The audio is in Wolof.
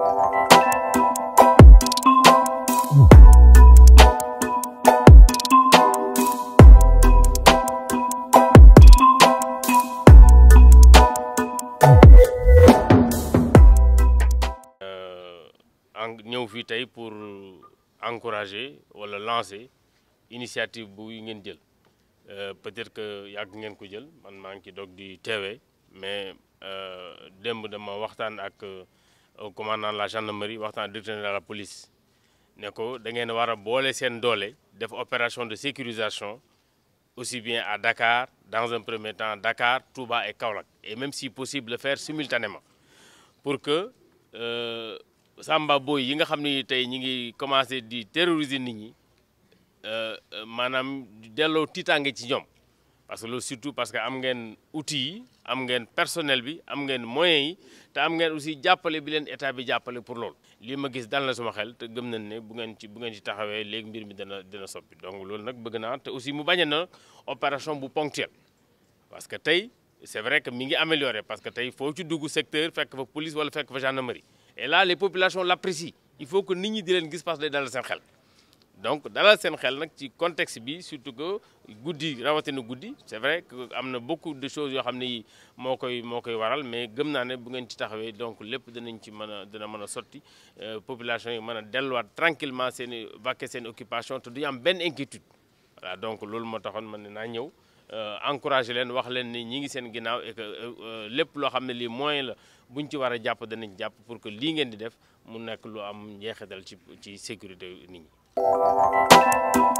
Euh, ñëw fii tey pour encourager wala lancer initiative bu ngeen jël euh, peut-être que yàgg ngeen ko jël man maa ngi ci dog di teewee mais euh, démb dama waxtaan ak au commandant la gendarmerie waxtaan directeur de la police ne ko da ngeen war a boole seen doole def opération de sécurisation aussi bien à Dakar dans un premier temps Dakar Touba et Kaolack et même si possible fair faire simultanément pour que euh, Samba boy yi nga xam ni tey ñi ngi commencé di terroriser nit ñi euh, euh, maanaam delloo tiitaange ci ñoom. parce que loolu surtout parce que am ngeen outils yi am ngeen personnel bi am ngeen moyens yi te am ngeen aussi jàppale bi leen état bi jàppale pour loolu li ma gis dal na sama xel te gëm nañ ne bu ngeen ci bu ngeen ci taxawee léegi mbir mi dana dina soppi donc loolu nag bëgg naa te aussi mu bañ na opération bu ponctuelle parce que tey c'est vrai que mi ngi amélioré parce que tey foo ci dugg secteur fekk fa police wala fekk fa gendarmerie et là les populations ñi di leen gis parce que day xel donc dalal seen xel nag ci contexte bi surtout que guddi rawatina guddi c'est vrai que am na beaucoup de choses yoo xam ne yi moo koy moo koy waral mais gëm naa ne bu ngeen ci taxawee donc lépp danañ ci mën a dina mën a sotti euh, population yi mën a delluwaat tranquillement seen i vaquer seen occupation te du ñu am benn inquiétude voilà donc loolu moo taxoon man ne naa ñëw euh, encourager leen wax leen ni ñi ngi seen ginnaaw et euh, lépp loo xam ne lii moyen la bu buñ ci war a jàpp danañ jàpp pour que lii ngeen di def mu nekk lu am njeexital ci ci sécurité nit ñi Thank you.